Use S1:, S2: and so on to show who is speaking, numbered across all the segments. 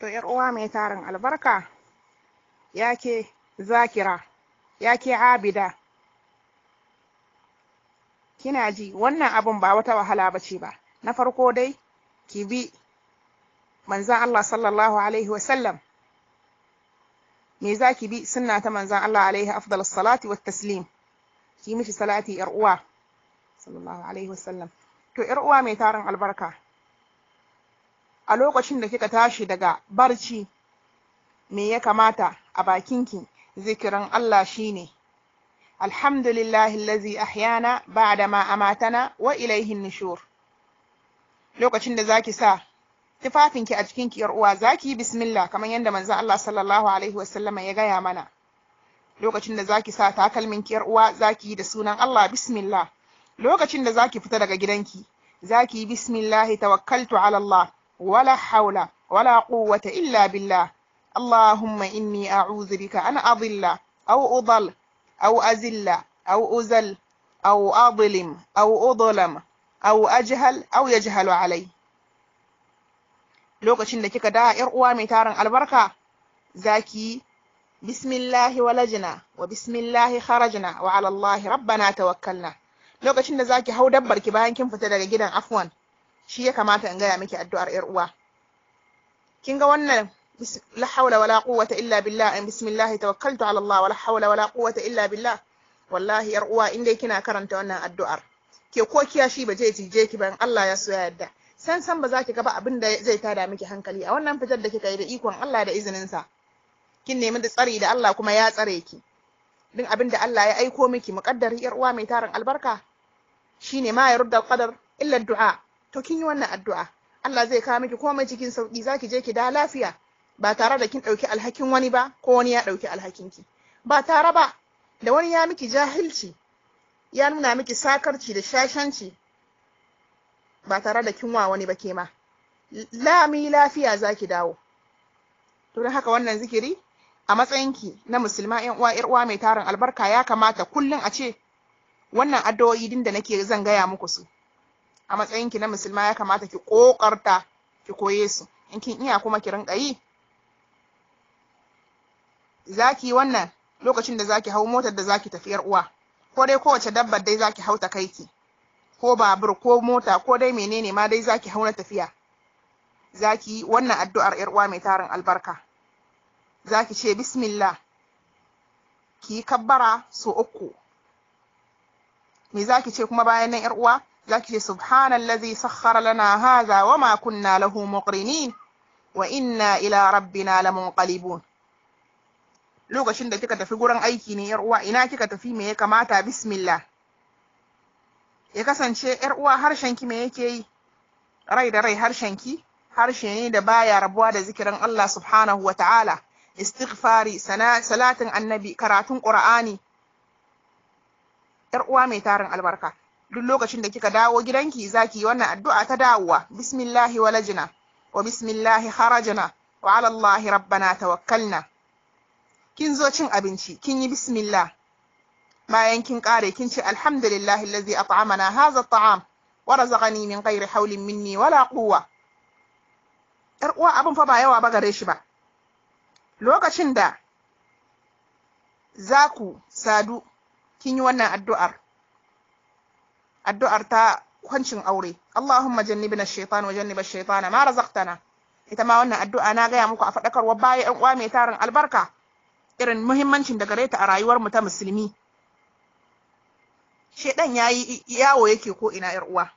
S1: To uwa mai tarin albarka, ya ke zakira, ya ke abida, kina ji wannan abin ba wata wahala ba ce ba, na farko dai ki bi manzan Allah sallallahu Alaihi wasallam, me za ki bi suna ta manzan Allah Alaihi afdal salati wa taslim, ki mishi salati uwa sallallahu Alaihi wasallam. To uwa mai tarin albarka. a lokacin da kika tashi daga barci me ya kamata a bakinki zikirin Allah shine alhamdulillahi lazi ahyana ba ma amatana wa ilaihin nishor. lokacin da zaki sa tufafinki a cikin ki uwa zaki bismillah kamar yadda manzon Allah sallallahu alaihi wasallama ya gaya mana lokacin da zaki sa takalmin ki uwa zaki da sunan Allah bismillah lokacin da zaki fita daga gidanki zaki bismillah tawakkaltu ala Allah ولا حول ولا قوة إلا بالله اللهم إني أعوذ بك أن أضل أو أضل أو أزل أو أزل أو أظلم أو أظلم أو أجهل أو يجهل علي lokacin da kika da ‘yar uwa mai tarin albarka zaki bismillahi walajina wa bismillahi kharajna wa alallahi rabbana tawakkalna lokacin da zaki hau dabbar ki bayan kin fita daga gidan afwan shi ya kamata in gaya miki addu'ar ‘yar uwa. Kin ga wannan la haula wala quwwata illa billah in bismillah tawakkaltu ala Allah wala haula wala quwwata illa billah wallahi ‘yar uwa in dai kina karanta wannan addu'ar ke ko shi ba zai tije ki ba in Allah ya so ya yarda san san ba za ki gaba abin da zai tada miki hankali a wannan fitar da kika yi da ikon Allah da izinin sa kin nemi da tsari da Allah kuma ya tsare ki din abin da Allah ya aiko miki muƙaddari ‘yar uwa mai tarin albarka shine ma ya rudda qadar illa du'a to kin yi wannan addu'a Allah zai kawo miki komai cikin sauki zaki je ki da lafiya ba tare da kin ɗauki alhakin wani ba ko wani ya ɗauki ki. ba tare ba da wani ya miki jahilci ya nuna miki sakarci da shashanci ba tare da kin wa wani ba ke ma lami lafiya zaki dawo to don haka wannan zikiri a matsayinki na musulma yan uwa yar uwa mai tarin albarka ya kamata kullum a ce wannan addu'o'i din da nake zan gaya muku su a matsayin ki na musulma ya kamata ki kokarta ki koye su in kin iya kuma ki rinka yi zaki wannan lokacin da zaki hau motar da zaki tafi yar uwa ko dai kowace dabbar dai zaki hau ta kaiki ko babur ko mota ko dai menene ma dai zaki hau na tafiya zaki wannan addu'ar yar uwa mai tarin albarka zaki ce bismillah ki kabbara so uku me zaki ce kuma bayan nan yar uwa zaki ce subhanallazi sakhkhara lana hadha wama kunna lahu muqrinin wa inna ila rabbina lamunqalibun lokacin da kika tafi gurin aiki ne yar uwa ina kika tafi me ya kamata bismillah ya kasance yar uwa harshen ki me yake yi rai da rai harshen ki harshe ne da baya rabuwa da zikirin Allah subhanahu wa ta'ala istighfari salatin annabi karatun qur'ani yar uwa mai tarin albarka duk lokacin da kika dawo gidanki zaki yi wannan addu'a ta dawowa bismillahi walajina wa bismillahi harajina wa alallahi rabbana tawakkalna kin zo cin abinci kin yi bismillah bayan kin kare kin ce alhamdulillahi allazi at'amana hadha at'am wa razaqani min ghairi hawlin minni wala quwwa yar uwa abin fa ba yawa ba gare shi ba lokacin da za ku sadu kin yi wannan addu'ar addu'ar ta kwancin aure Allahumma jannibna shaitan wa Mara shaitan ma razaqtana ita ma wannan addu'a na gaya muku a faɗakarwa baya yan uwa mai tarin albarka irin muhimmancin da gare ta a rayuwar mu ta musulmi shedan yayi yawo yake ko ina yar uwa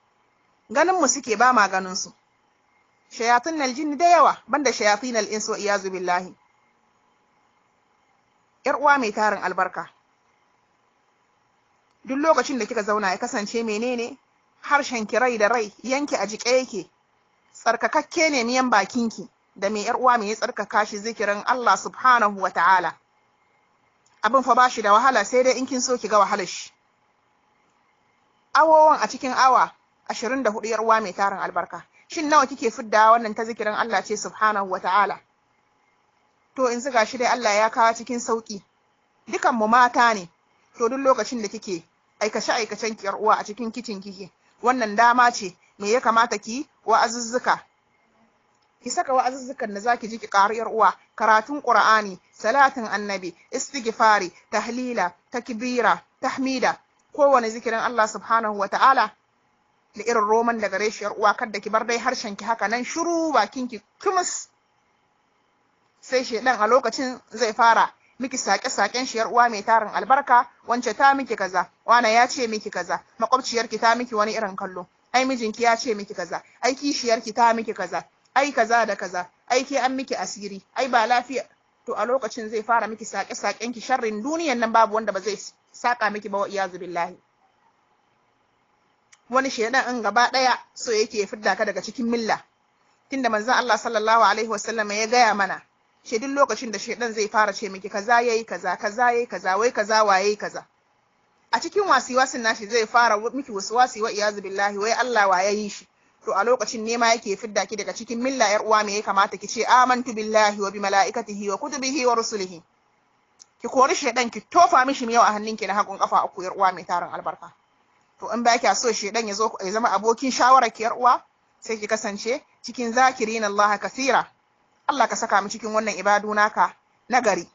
S1: ganin mu suke ba ma ganin su shayatin da yawa banda shayatin al'insu iyazu billahi yar uwa mai tarin albarka duk lokacin da kika zauna ya kasance menene harshen ki rai da rai yanki a jike yake tsarkakakke ne miyan bakinki da mai yar uwa mai tsarkaka shi zikirin Allah subhanahu wa ta'ala abin fa bashi da wahala sai dai in kin so ki ga wahalar shi awowan a cikin awa 24 yar uwa mai tarin albarka shin nawa kike fidda wannan ta zikirin Allah ce subhanahu wa ta'ala to in zuga shi dai Allah ya kawo cikin sauki dukan mu mata ne to duk lokacin da kike aikace aikacen ki uwa a cikin kicin kike wannan dama ce me ya kamata ki wa'azuzzuka ki saka wa'azuzzukan da zaki ji ki karu yar uwa karatun qur'ani salatin annabi istighfari tahlila takbira tahmida kowane zikirin Allah subhanahu wa ta'ala da irin roman daga reshi yar uwa kada ki bar dai harshen ki haka nan shiru bakin ki kumus sai shedan a lokacin zai fara miki sake-saken shiyar uwa mai tarin albarka wance ta miki kaza wana ya ce miki kaza makwabciyarki ta miki wani irin kallo ai mijinki ya ce miki kaza ai kishiyarki ta miki kaza ai kaza da kaza ai ke an miki asiri ai ba lafiya to a lokacin zai fara miki sake-saken ki sharrin duniyan nan babu wanda ba zai saka miki ba wa iyazu billahi wani shedan in gaba daya so yake fidda ka daga cikin milla tunda manzon Allah sallallahu alaihi wasallam ya gaya mana she duk lokacin da shedan zai fara ce miki kaza yayi kaza kaza yayi kaza wai kaza waye kaza a cikin wasin nashi zai fara miki wasi wa iyazu billahi wai Allah wa yayi shi to a lokacin nema yake fidda ki daga cikin milla yar uwa me ya kamata ki ce amantu billahi wa bi malaikatihi wa kutubihi wa rusulihi ki kori shedan ki tofa mishi miyau a hannunki na hakun kafa uku yar uwa mai tarin albarka to in ba kya so shedan ya zo ya zama abokin shawarar ki yar uwa sai ki kasance cikin zakirin Allah kasira Allah ka saka mu cikin wannan ibadu naka nagari